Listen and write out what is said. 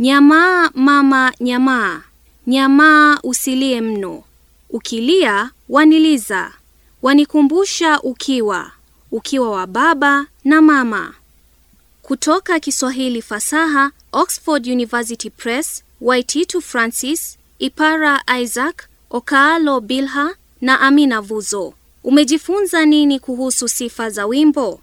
Nyamaa mama nyamaa, nyamaa usilie mno, ukilia waniliza, wanikumbusha ukiwa, ukiwa wa baba na mama. Kutoka Kiswahili fasaha, Oxford University Press, Waititu Francis, Ipara Isaac, Okaalo Bilha na Amina Vuzo. Umejifunza nini kuhusu sifa za wimbo?